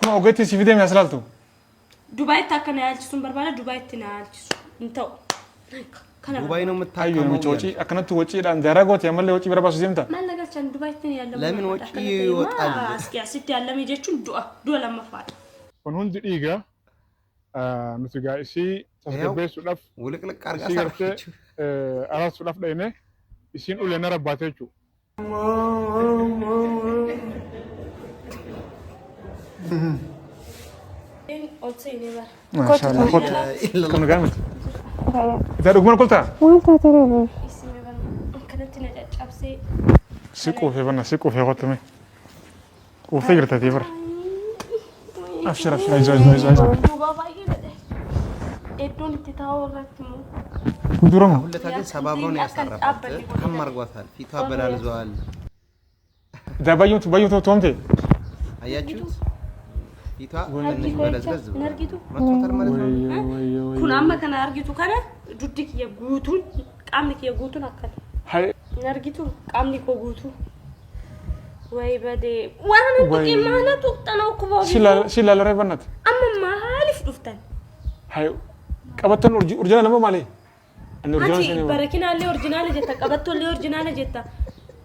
kun hoggeettiin siif deemee as ilaaltu. Dubaayitti akka na yaalchisun barbaada Dubaayitti na yaalchisu hin ta'u. Dubaayi nama taayyoo namicha wacii akkanatti waciidhaan jaraa goote ammallee wacii barbaasu deemta. Maal nagalchaan Dubaayitti ni yaalamu. Lamin wacii yoo xaalle. Asitti yaalame jechuun du'a du'a lammaffaadha. Kun hundi dhiigaa nuti gaa'isii tasgabbeessuudhaaf. Waliqliq argaa isaa. Araarsuudhaaf dhayinee. isin ulee na rabbaata jechuudha. Itaa dhuguma koltaa? Waan taate reeru. Si quufee banna si quufee qottame. Quufee jirta tee bara. Abshira abshira izo izo izo. Duuba baay'ee jedhe. Iddoon itti taa'u irratti immoo. ጉዱሮ ነው። ሁለታ ግን ሰባብሮን ያሳረፋት አማርጓታል። ፊቷ በላልዘዋል። ዳባዩት ባዩት ቶምቴ አያችሁ፣ ፊቷ ወንድን በለዝበዝ ነርጊቱ ማጥፋታል ማለት ነው። ከና አርጊቱ ካለ ዱድክ የጉቱን ቃምልክ የጉቱን አካል ሃይ ነርጊቱ ቃምልክ የጉቱ ወይ በዴ ዋና ጥቂ ማለት ወቅጠናው ኩቦ ሲላ ሲላ ለረበነት አምማ ሀሊፍ ዱፍታል ሃይ ቀበተን ኡርጅ ኡርጅና ማለት bareekinaallee orjinaala jetta qabattollee orjinaala jetta.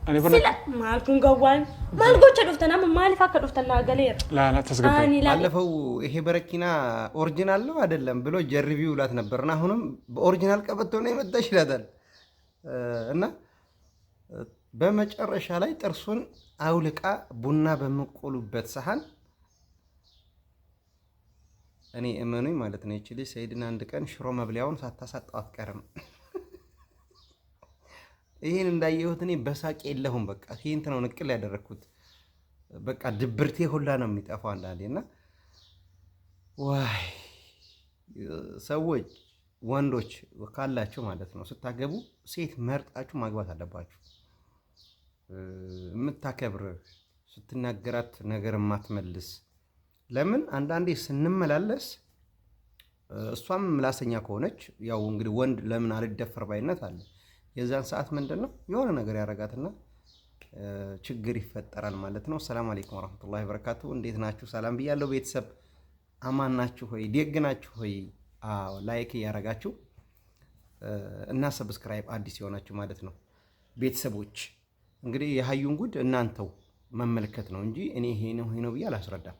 Sila maal kun gawwaan maal gocha dhuftan amma maaliif akka dhuftan naa galeera. Laala tasgabbayi. ባለፈው ይሄ በረኪና ኦሪጂናል ነው አይደለም ብሎ ጀርቢ ውላት ነበርና አሁንም በኦሪጂናል ቀበቶ ነው የመጣሽ ይላታል እና በመጨረሻ ላይ ጥርሱን አውልቃ ቡና በምቆሉበት ሰሃን እኔ እመኑኝ ማለት ነው። ይቺ ልጅ ሰይድን አንድ ቀን ሽሮ መብሊያውን ሳታሳጣው አትቀርም። ይህን እንዳየሁት እኔ በሳቅ የለሁም። በቃ ይህንት ነው ንቅል ያደረግኩት። በቃ ድብርቴ ሁላ ነው የሚጠፋው አንዳንዴ እና ዋይ ሰዎች ወንዶች ካላችሁ ማለት ነው ስታገቡ ሴት መርጣችሁ ማግባት አለባችሁ። የምታከብር ስትናገራት ነገር የማትመልስ ለምን አንዳንዴ ስንመላለስ እሷም ምላሰኛ ከሆነች ያው እንግዲህ ወንድ ለምን አልደፈር ባይነት አለ። የዛን ሰዓት ምንድን ነው የሆነ ነገር ያረጋትና ችግር ይፈጠራል ማለት ነው። ሰላም አለይኩም ወራህመቱላሂ ወበረካቱ። እንዴት ናችሁ? ሰላም ብያለሁ ቤተሰብ። አማን ናችሁ ሆይ? ደግ ናችሁ ሆይ? ላይክ እያረጋችሁ እና ሰብስክራይብ አዲስ የሆናችሁ ማለት ነው ቤተሰቦች። እንግዲህ የሀዩን ጉድ እናንተው መመልከት ነው እንጂ እኔ ይሄ ነው ይሄ ነው ብዬ አላስረዳም።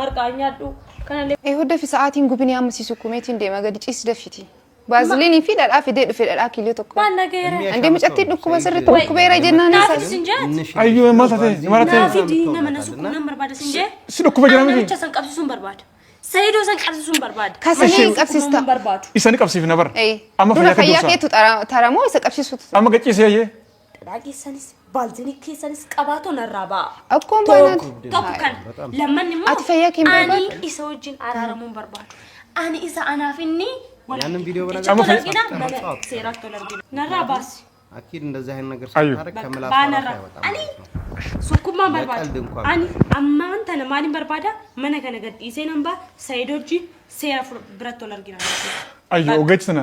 marqaa nyaadhu. Kanallee. Hoddafi sa'aatiin gubinii amma siisu kumeetiin deema gadi ciis dafiti. Baaziliinii fi dhadhaa fidee dhufe dhadhaa kiiloo tokko. Waan nagayeera. Andee mucattiin dhukkuma sirriitti dhukkubeera jennaan. Naafis hin jee. Ayyoo maal taatee maal taatee. Naafidii nama na sukkuu nama barbaada sin jee. Si dhukkuba jira miti. Namicha san qabsisuun barbaada. Sayidoo san qabsisuun barbaada. Kasanii hin qabsista. Isaan qabsiifna bara. Amma fayyaa keetu taramoo isa qabsisuutu. Amma gachiisee jee. Dhadhaa keessanis. Baaltiin keessanis qabaatoon arraabaa. Akkuma kana lamman immoo ani isa wajjin araaramuun barbaadu. Ani isa anaaf inni narraa baasi. አኪድ እንደዚህ አይነት ነገር ስታደርግ ከምላስ ባነራ አኒ ሱኩማ በርባዳ አኒ አማንተ ለማሊን በርባዳ መነ ከነገድ ኢሴናምባ ሳይዶጂ ሴራ ብረት ወለርጊና አዩ ኦገችተና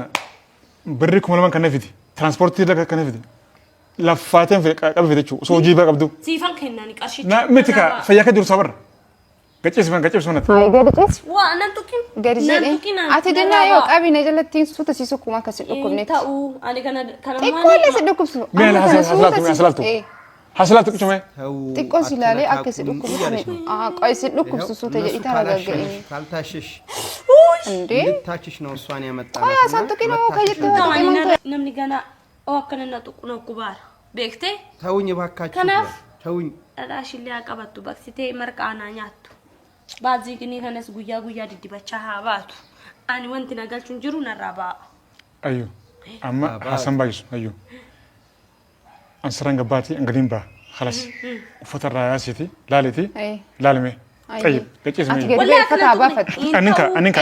ብሪ ኩመለማን ከነፊቲ ትራንስፖርት ከነፊቲ laffaateen qabe fite jechuudha. Soo jiibaa qabdu. Siifan kennaan qarshicha. Miti kaa fayyaa kee dursa barra. Gacees man gacees manatti. Gadi cees. Waa nan tukin. Gadi jedhee. Ati dannaa yoo qabiin jalatti suuta si sukkuma akkasi dhukkubnetti. Ta'uu ani kana kana maali. Xiqqoolle si dhukkubsu. Meela hasalatu hasalatu. Hasalatu kuchume. Xiqqoo si ilaalee akka si dhukkubsu. Qoy si dhukkubsu suuta jedhi taara gagga'ee. Kaltaashish. Uy. Ndee. Taashish na usuwaan yamattaa. Qoy hasan tukin oo kajetti. Namni ganaa. Hawwakanna xuqquna gubaara. Beektee? Ta'uun baakkaachuu. Kanaaf dhadhaashillee haa qabattu. Baqsitee marqaa naa nyaattu. kanas guyyaa guyyaa diddibachaa haa baatu. Ani wanti na galchuun jiru narraa ba'a. Ayyoo. Amma haasaan baay'isu. Ayyoo. Ansaraan gabbaati angaliin ba'a. Khalas. Uffata irraa yaasiiti. Laaliiti. Laalime. طيب inni haa ولا كنت أبافت. أنكا أنكا ana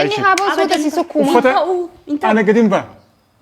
أنا قديم بقى.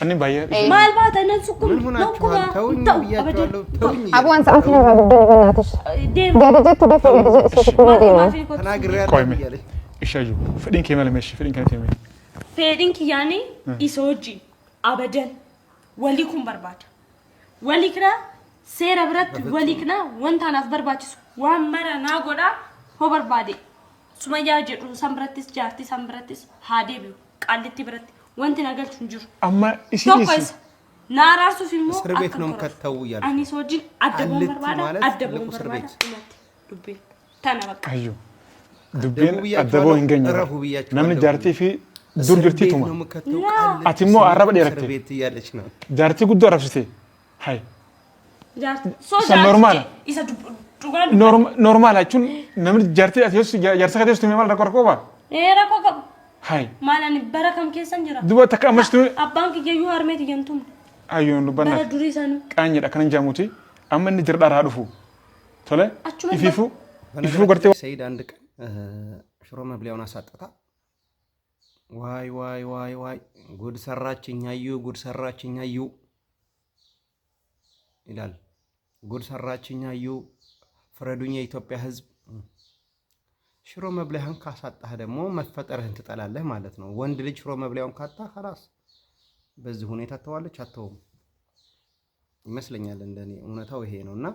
ምናልባት እነሱ እኮ ፌዲንክ ያኔ ኢሶጂ አበደን ወሊኩን በርባድ ወሊክነ ሴረ ብረት ወሊክነ ወንታናፍ በርባችስ ዋመረ ናጎዳ ሆ በርባዴ ሱመያ ጀዱ ሰንብረትስ ጃርቲ ሰንብረትስ ሀዴ ቢዩ ቃልቲ ብረት wanti nagalchu hin jiru. Amma isinis naaraarsu filmoo እስር ቤት ነው የምከተው እያልኩ እኔ ሰው እጅን አደበውን በርባዳ አደበውን በርባዳ ዱቤ ተና በቃ አዩ ዱቤን አደበው እንገኝ namni jaartii fi dur jirtii tuma ati immoo arraba dheeratte jaartii guddoo arrabsite hay isa normaala normaala jechuun namni jaartii ati jaarsa kateessu maal rakkoo rakkoo ba'a. Hai. Maalaan bara kam keessa jira? Duba takka ammas ture. Abbaan kiyyayyuu harmee tiyyantuun. Ayyoon dubbanna. Bara durii sanuu. Qaanyidha kanan jaamuuti. Amma inni jira dhaaraa dhufu. Tole. Achuma. Ifiifuu. Ifiifuu gartee. Sayid አንድ ቀን ሽሮ መብሊያውን አሳጥታ ዋይ ዋይ ዋይ ዋይ ጉድ ሰራችኝ አዩ ጉድ ሰራችኝ አዩ ይላል። ጉድ ሰራችኝ አዩ ፍረዱኝ የኢትዮጵያ ሕዝብ ሽሮ መብላይህን ካሳጣህ ደግሞ መፈጠርህን ትጠላለህ ማለት ነው። ወንድ ልጅ ሽሮ መብላይውን ካጣ ከላስ በዚህ ሁኔታ ተዋለች አተውም ይመስለኛል። እንደኔ እውነታው ይሄ ነው እና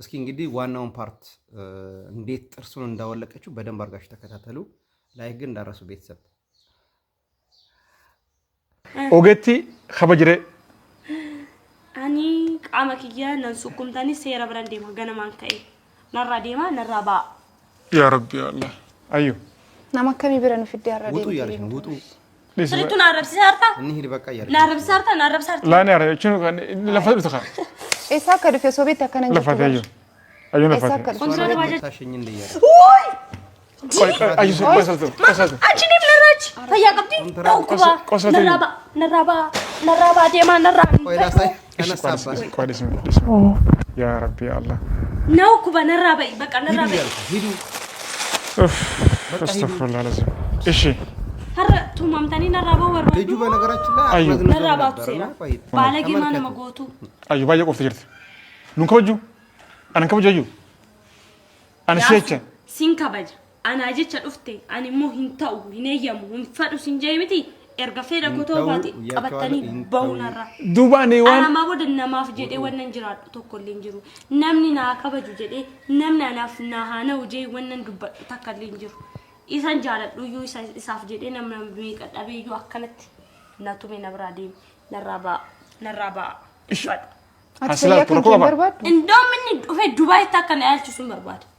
እስኪ እንግዲህ ዋናውን ፓርት እንዴት ጥርሱን እንዳወለቀችው በደንብ አድርጋችሁ ተከታተሉ። ላይ ግን እንዳረሱ ቤተሰብ ኦገቲ ከበጅሬ አኒ ቃመክያ ክያ ነንሱኩምታኒ ሴራ ብረን ዴማ ገነማን ከኤ ነራ ዴማ ነራ ባ ያ ረቢ አለ አዩ ናማከሚ ብረን ፍድ ያረደ ውጡ እያለች ነው ውጡ ስልቱን አረብ ሲሰርታ ያ ረቢ አላህ ነው ኩባ ነራባ በቃ ነራባ እሺ ልጁ በነገራችን ላይ አዩ ባየ ቆፍተ ጅርት ሉን ከበጁ አነን ከበጁ አዩ አነ ሲቸ ሲን ከበጅ አነ አጀቸ ዱፍቴ አኒሞ ሂንተው ሂኔየሙ ሂንፈዱ ሲንጀይ ሚቲ erga fedha kutoo baati qabatanii bahunarra. Duubaan waan anamaa wada namaaf jedhee wannan jiraadhu tokko illee jiru. Namni naa kabaju jedhee namni anaaf naa haana'u jedhee wannan dubbadhu takka illee jiru. Isan jaaladhu iyyuu isaaf jedhee namna meeqa dhabee iyyuu akkanatti na tume biraa deemu narraa ba'a narraa ba'a. Asirraa tokko qaba. Indoominni dhufee Dubaay akka na yaalchisu hin barbaadu.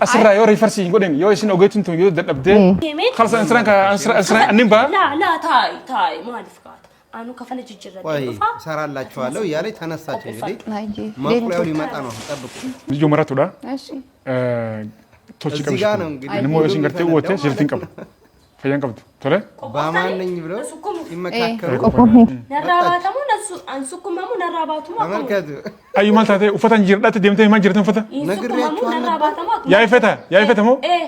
asirraa yoo riifarsii hin godhin yoo isin ogeettiin tun yoo dadhabdee kalsa inninba maaliif kaata አኑ ከፈለጅ ይጀረል እሰራላችኋለሁ እያለ ተነሳች። እንግዲህ መቁሪያው ሊመጣ ነው፣ ጠብቁ። ልጁ መረቱዳ እሺ ቶች ቀብሽ ነው እንግዲህ ንሞ ሲንገርቴ ወቴ ሲልቲን ቀብሩ ፈየን ቀብቱ ቶለ ባማነኝ ብሎ ይመካከሩ ቆቆሚ ነራባተሙ ነሱ አንሱኩመሙ ነራባቱሙ አመልከቱ ደምተ ማን ጅርተን ፈታ ነግሬቱ ያይ ፈታ ያይ ፈተሙ ኤ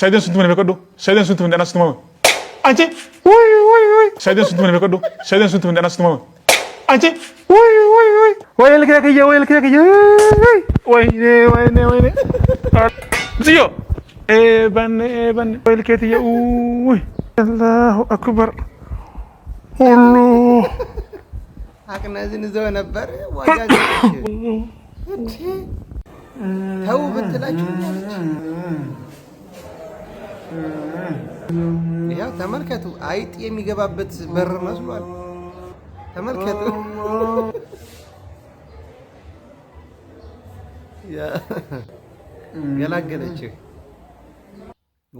ሰይደን ስንት ምን በቀዶ ሰይደን ስንት ምን አናስተማው አንቺ ወይ ወይ ወይ ሰይደን ስንት ምን በቀዶ ሰይደን ስንት ምን አናስተማው አንቺ ወይ ወይ ወይ ወይ ልከከየ ወይ ልከከየ ወይ ወይ ወይ ወይ ወይ ኤበን ኤበን ወይልኬትየ ውይ አላሁ አክበር ሁሉ አቅናዝን ዘው ነበር ተው ብትላችሁ ይኸው ተመልከቱ። አይጥ የሚገባበት በር መስሏል። ተመልከቱ። ገላገለችህ።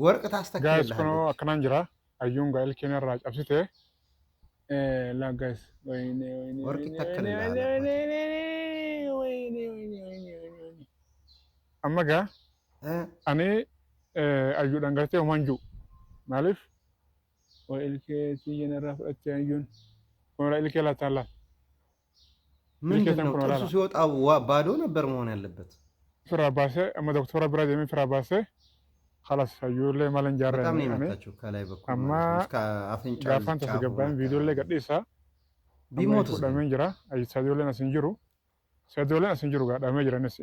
ወርቅ አክናን ጅራ አዩን ጋር ልኬነራ ጨብስቴ ላጋይስ ወርቅ ይተክልልሃል አመጋ አኔ አዩ ደንገርቴ ሆማንጁ ማሊፍ ወኢልኬ ሲየነራ ፍእቴ አዩን ኮኖራ ኢልኬ ላታላ ምንድነው ጥርሱ ሲወጣ ባዶ ነበር መሆን ያለበት ፍራባሴ ባሴ አመ ዶክተራ ብራ ጀሜ ፍራ gaaffaan tasgabbaa'een viidiyoollee gadhiisaa fudhamee jira. Saadiyoolleen as hin jiru. Saadiyoolleen as hin jiru gaadhamee jira innis.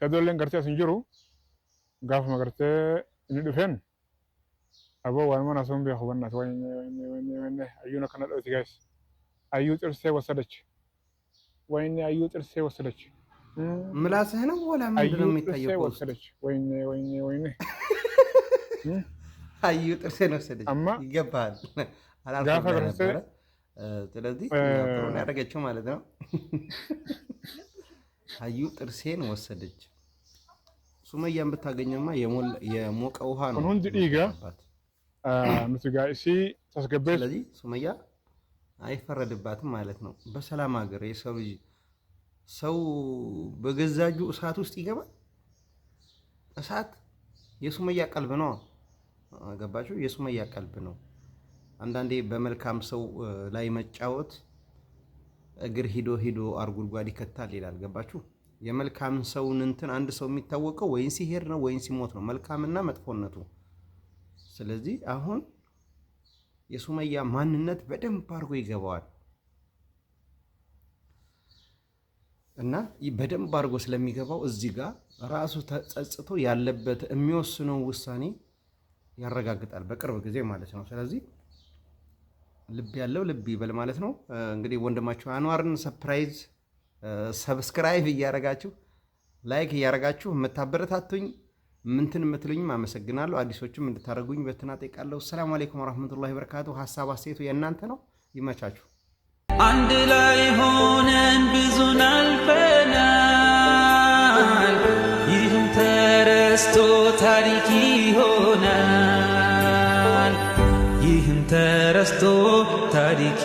Saadiyoolleen gartee as hin jiru. Gaafuma gartee inni dhufeen aboo waan mana sun biyya hubannaas ayyuun akkana dho'iti gaayis. Ayyuu xirsee wasadach. Wayinni ayyuu xirsee wasadach. ምላስህ ነው ወላ ምንድነው ነው የሚታየው? ወሰደች አዩ ጥርሴን ወሰደች። ይገባሃል ስለዚህ ያደረገችው ማለት ነው። አዩ ጥርሴን ወሰደች። ሱመያን ብታገኘማ የሞቀ ውሃ ነው። ስለዚህ ሱመያ አይፈረድባትም ማለት ነው። በሰላም ሀገር የሰው ልጅ ሰው በገዛ እጁ እሳት ውስጥ ይገባል። እሳት የሱመያ ቀልብ ነው። ገባችሁ? የሱመያ ቀልብ ነው። አንዳንዴ በመልካም ሰው ላይ መጫወት እግር ሂዶ ሂዶ አርጉድጓድ ይከታል ይላል። ገባችሁ? የመልካም ሰውን እንትን አንድ ሰው የሚታወቀው ወይን ሲሄድ ነው ወይን ሲሞት ነው፣ መልካምና መጥፎነቱ። ስለዚህ አሁን የሱመያ ማንነት በደንብ አድርጎ ይገባዋል። እና በደንብ አድርጎ ስለሚገባው እዚህ ጋር ራሱ ተጸጽቶ ያለበት የሚወስነው ውሳኔ ያረጋግጣል፣ በቅርብ ጊዜ ማለት ነው። ስለዚህ ልብ ያለው ልብ ይበል ማለት ነው። እንግዲህ ወንድማችሁ አንዋርን ሰፕራይዝ ሰብስክራይብ እያረጋችሁ ላይክ እያረጋችሁ የምታበረታቱኝ ምንትን የምትሉኝም አመሰግናለሁ። አዲሶችም እንድታደርጉኝ በትና ጠይቃለሁ። ሰላም አሌይኩም ወረሕመቱላሂ በረካቱ። ሀሳብ አስተያየቱ የእናንተ ነው። ይመቻችሁ። አንድ ላይ ሆነን ብዙን አልፈናል። ይህም ተረስቶ ታሪክ ይሆናል። ይህም ተረስቶ ታሪክ